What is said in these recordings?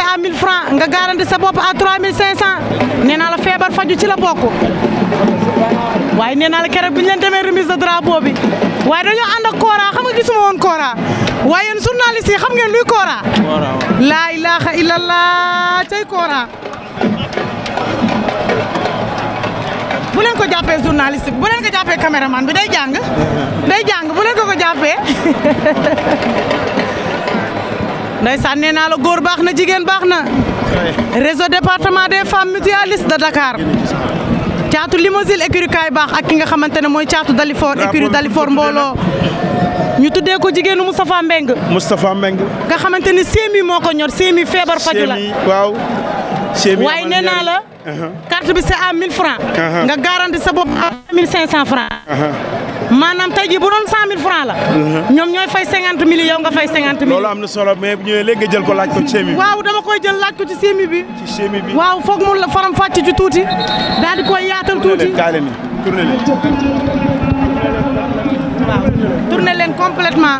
garanti à 1000 francs nga garanti sa bopp à 3500 nee naa la feebar faju ci la bokk waaye nee naa la keroog bi ñu leen demee remise de drapeau bi waaye dañoo ànd ak koora xam nga gisuma woon koora waaye yéen journaliste xam ngeen luy koora laa ilaaha illallah cay koora bu leen ko jàppee journaliste bi bu leen ko jàppee bi day jàng day jàng bu ko ko ndeysaan nee naa la góor baax na jigéen baax na réseau département des femmes mutualistes de Dakar caatu limousine écurie kaay baax ak ki nga xamante ne mooy caatu Dalifor écurie Dalifor mbooloo ñu tuddee ko jigéenu Moustapha Mbeng Moustapha Mbeng nga xamante ne séemi moo ko ñor séemi feebar faju la waaw séemi waaye la carte bi c'est à 1000 francs nga garanti sa bopp à 1500 francs maanaam tey jii bu doon cent mille la. Mhm. ñoom ñooy fay cinquante mili yow nga fay cinquante mille. loolu am na solo mais bu ñëwee nga jël ko laaj ko ci semis waaw dama koy jël laaj ko ci semis bi. ci semis bi waaw foog mu la faram fàcc ci tuuti daal di koy yaatal tuuti. tourné leen waaw tourné leen complètement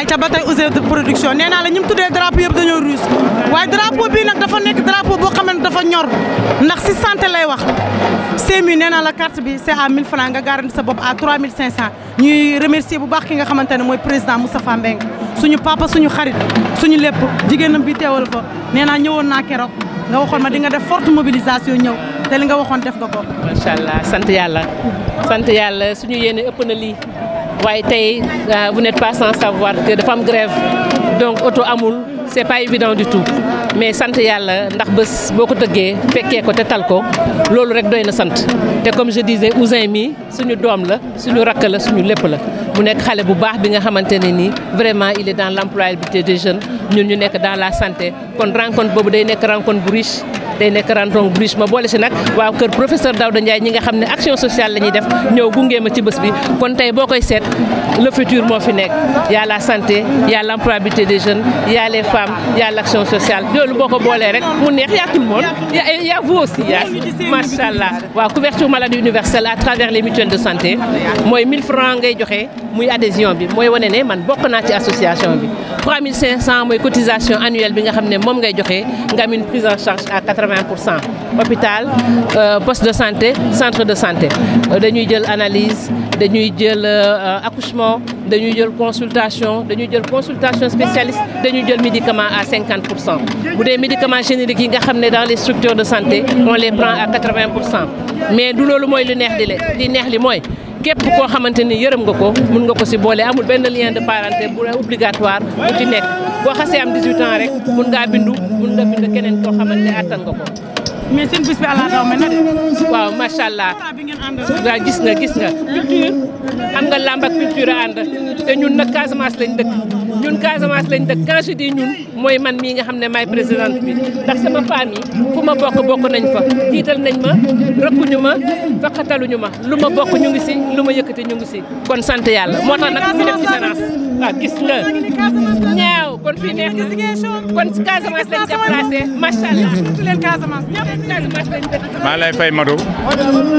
ay ca ba tey Ouzin production nee naa la ñi mu tuddee drapeau yëpp dañoo ruus waaye drapeau bii nag dafa nekk drapeau boo xam ne dafa ñor ndax si santé lay wax semis nee naa la carte bi c'est à 1000 francs nga garanti sa bopp à 3500 ñuy remercier bu baax ki nga xamante ne mooy président Moustapha Mbengue suñu papa suñu xarit suñu lépp jigéenam bi teewal ko nee naa ñëwoon naa keroog nga waxoon ma di nga def forte mobilisation ñëw te li nga waxoon def nga ko. macha allah sant yàlla sant yàlla suñu yéene ëpp na waaye tey euh, vous n'êtes pas sans savoir que dafa am grève donc oto amul c'est pas évident du tout mais sant yàlla ndax bés boo ko tëggee fekkee ko te tal ko loolu rek doy na sant te comme je disais Ousin mi suñu doom la suñu rakk la suñu lépp la mu nekk xale bu baax bi nga xamante ne nii vraiment il est dans l'employabilité des jeunes ñun ñu nekk dans la santé kon rencontre boobu day nekk rencontre bu riche day nekk rentong bruche ma boole si nag waaw kër professeur Daouda Ndiaye ñi nga xam ne action sociale la ñuy def ñëw gunge ma ci bés bi kon tey boo koy seet le futur moo fi nekk y'a la santé la l'employabilité des jeunes y'a les femmes y'a l'action sociale loolu boo ko boolee rek mu neex y'a tout le monde y'a yaa macha allah waa couverture maladie universelle à travers les mutuelles de santé mooy 1000 francs ngay joxe muy adhésion bi mooy wane ne man bokk naa ci association bi 3500 mooy cotisation annuelle bi nga xam ne moom ngay joxe nga am une prise en charge à 80 pour cent hôpital euh, poste de santé centre de santé euh, dañuy jël analyse dañuy jël euh, accouchement dañuy jël consultation dañuy jël consultation spécialiste dañuy jël médicament à 50 pour cent bu dee médicaments génériques yi nga xam ne dans les structures de santé on les prend à 80 mais du loolu mooy li neex di le li neex li mooy képp koo xamante ni yërëm nga ko mun nga ko si boole amul benn lien de parenté bu obligatoire bu ci nekk boo xasee am 18 ans rek mun ngaa bindu mun nga bind keneen koo attan nga ko. waaw macha allah gis nga gis nga. culture xam nga làmb ak culture te ñun nag Casamance lañ dëkk. ñun Casamance lañ dëkk quand je dis ñun mooy man mii nga xam ne maay présidente bi ndax sama famille fu ma bokk bokk nañ fa tiital nañ ma rëkkuñu ma faqataluñu ma lu ma bokk ñu si lu ma yëkkati ñu ngi si kon sant yàlla moo tax nag fi def différence waaw ah, gis nga ñaaw kon fii neex na kon Casamance lañ déplacé macha allah Casamance lañ dëkk maa lay fay Madou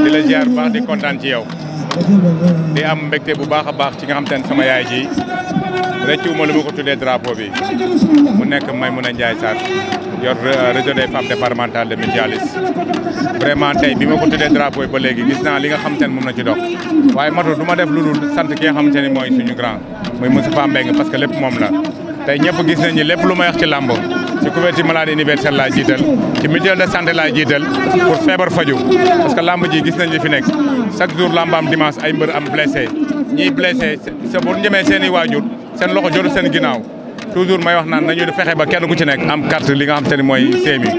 di la ziar kontaan ci yow di am mbégte bu baax a baax ci nga xam te ne sama yaay ji rëccuwuma lu ma ko tuddee drapeau bi mu nekk Maimouna Ndiaye Sarr yor euh, réseau des femmes départementales de Midialis vraiment tey bi ma ko tuddee drapeau yi ba léegi gis naa li nga xamante ne moom na ci dox waaye matu du ma def lu dul sant ki nga xamante ne mooy suñu grand muy Moustapha Mbengue parce que lépp moom la tey ñëpp gis nañu lépp lu may wax ci làmb ci couverture maladie universelle laa jiital ci mutuelle de santé laa jiital pour parce que lamb ji gis nañ fi nekk chaque jour lamb am dimanche ay mbër am blessé ñiy blessé sa seen loxo jotu seen ginnaaw toujours may wax naan nañu fexe ba kenn ku ci nekk am carte li nga xam te ni mooy CMU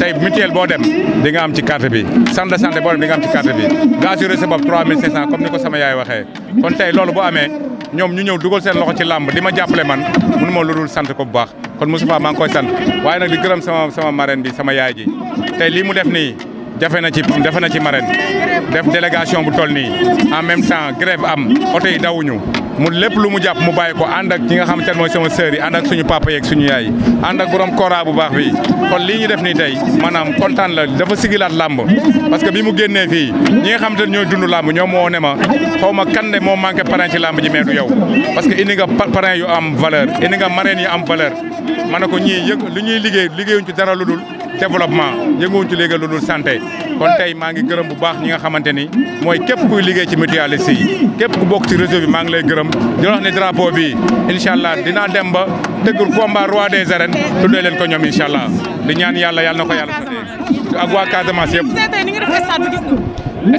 tey mutuelle boo dem di nga am ci carte bi sant de santé boo dem di nga am ci carte bi nga assuré sa bopp 3500 comme ni ko sama yaay waxee kon tey loolu bu amee ñoom ñu ñëw dugal seen loxo ci làmb di ma jàppale man mënu ma lu dul sant ko bu baax kon Moustapha maa ngi koy sant waaye nag di gërëm sama sama marraine bi sama yaay ji tey lii mu def nii jafe na ci jafe na ci marraine def délégation bu toll nii en même temps grève am oto yi dawuñu mu lépp lu mu jàpp mu bàyyi ko ànd ak ñi nga xamante ne mooy sama sœur yi suñu papa suñu yaay ànd ak borom baax bi kon lii ñu def nii tey maanaam kontaan la dafa sigilaat làmb parce que bi mu génnee fii ñi nga xamante ne ñooy dund làmb ñoom moo ne ma xaw ma kan ne moo manqué parrain ci làmb ji mais du parce que indi nga parrain yu am valeur indi nga marraine yu am valeur ma ko ñii yëg lu ñuy liggéey liggéeyuñ ci dara lu développement yënguwuñ ci léegi lu dul santé kon tey maa ngi gërëm bu baax ñi nga xamante ni mooy képp kuy liggéey ci mutualiste si képp ku bokk ci réseau bi maa ngi lay gërëm di wax ne drapeau bi incha allah dinaa dem ba tëggul combat roi des arènes tuddee leen ko ñoom incha allah di ñaan yàlla yàlla na ko yàlla sotee ak waa Casamance yëpp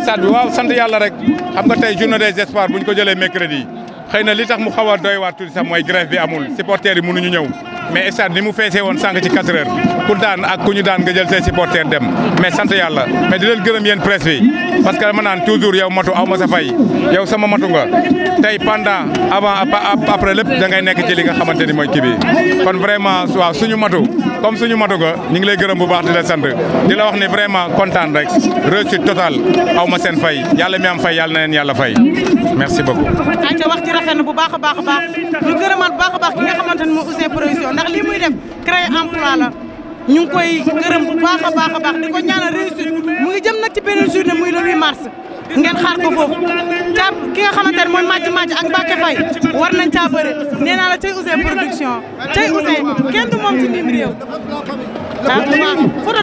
stade bi waaw sant yàlla rek xam nga tey journée des espoirs bu ñu ko jëlee mercredi xëy na li tax mu xaw a doy waar sax mooy grève bi amul supporters yi mënuñu ñëw mais stade ni mu feesee woon sànq ci 4 heures ku daan ak ku ñu daan nga say supporters dem mais sant yàlla mais di gërëm yéen presse bi parce que dama naan toujours matu aw ma fay yow sama matu nga tey pendant avant après lépp da ngay nekk ci li nga xamante ni mooy kii bi kon vraiment waaw suñu matu comme suñu matu nga ñu ngi lay gërëm bu baax di la sant di la wax ne vraiment kontaan rek réussite totale aw ma seen fay yàlla mi am fay yàlla na leen yàlla fay merci beaucoup. ndax li muy def créer emploi la ñu ngi koy gërëm bu baax a a baax ko ñaanal réussite mu ngi jëm nag ci beneen journée muy le 8 mars ngeen xaar ko foofu caa ki nga xamante ne mooy màcc màcc ak Mbacke Faye war nañ caa bëre nee naa production cay Ouzin kenn du moom ci biir réew ah